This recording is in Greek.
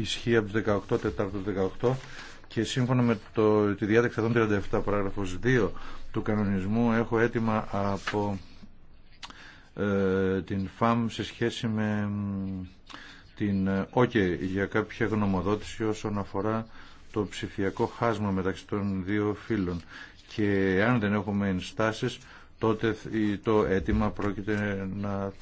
ισχύει από το 18 Τετάρτου 18 και σύμφωνα με το, τη διάταξη 137 παράγραφος 2 του κανονισμού έχω αίτημα από ε, την ΦΑΜ σε σχέση με την ΟΚΕ για κάποια γνωμοδότηση όσον αφορά το ψηφιακό χάσμα μεταξύ των δύο φύλων και αν δεν έχουμε ενστάσεις τότε το αίτημα πρόκειται να